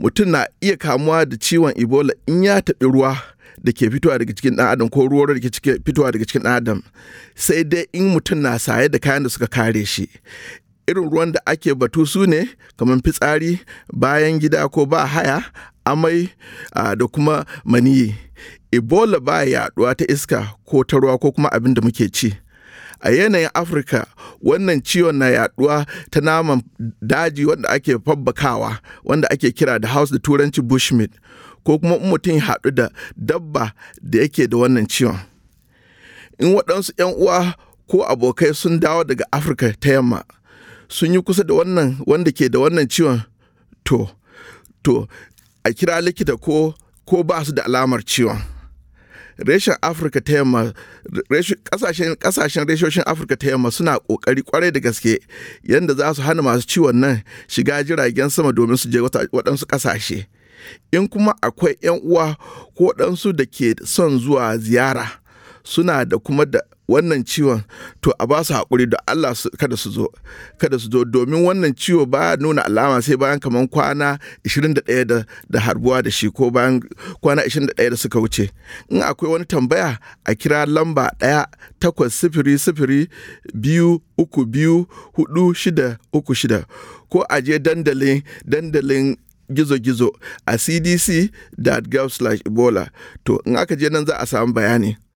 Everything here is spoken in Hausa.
mutum na iya kamuwa da ciwon ebola in ya taɓi ruwa da ke fitowa daga cikin ɗan adam ko ruwa da ke fitowa daga cikin ɗan adam sai dai in mutum na saye da kayan da suka kare shi irin ruwan da ake batu su ne kamar fitsari bayan gida ko ba haya amai da kuma maniyi ebola ba yaɗuwa ta iska ko ta ruwa ko kuma abin da muke ci a yanayin afirka wannan ciwon na yaduwa ta naman daji wanda ake fabbakawa wanda ake kira da house da turanci bushmeat ko kuma mutum ya haɗu da dabba da yake da wannan ciwon in waɗansu 'yan uwa ko abokai sun dawo daga afirka ta yamma sun yi kusa da wannan wanda ke da wannan ciwon to to a kira likita ko ko ba su da alamar ciwon reshen afirka ta yamma kasashen reshoshin afirka ta yamma suna kokari kwarai da gaske yadda za su hana masu ciwon nan shiga jiragen sama domin su je waɗansu kasashe in kuma akwai 'yan uwa ko ɗansu da ke son zuwa ziyara suna da kuma da wannan ciwon to a ba su haƙuri da Allah kada su zo kada su zo domin wannan ciwo ba nuna alama sai bayan kamar kwana 21 da, da harbuwa da shi ko bayan kwana 21 da suka wuce in akwai wani tambaya a kira lamba ɗaya takwas sifiri sifiri biyu uku biyu hudu shida uku shida ko a je dandalin dandalin gizo-gizo a cdc.gov/ebola to in aka je nan za a samu bayani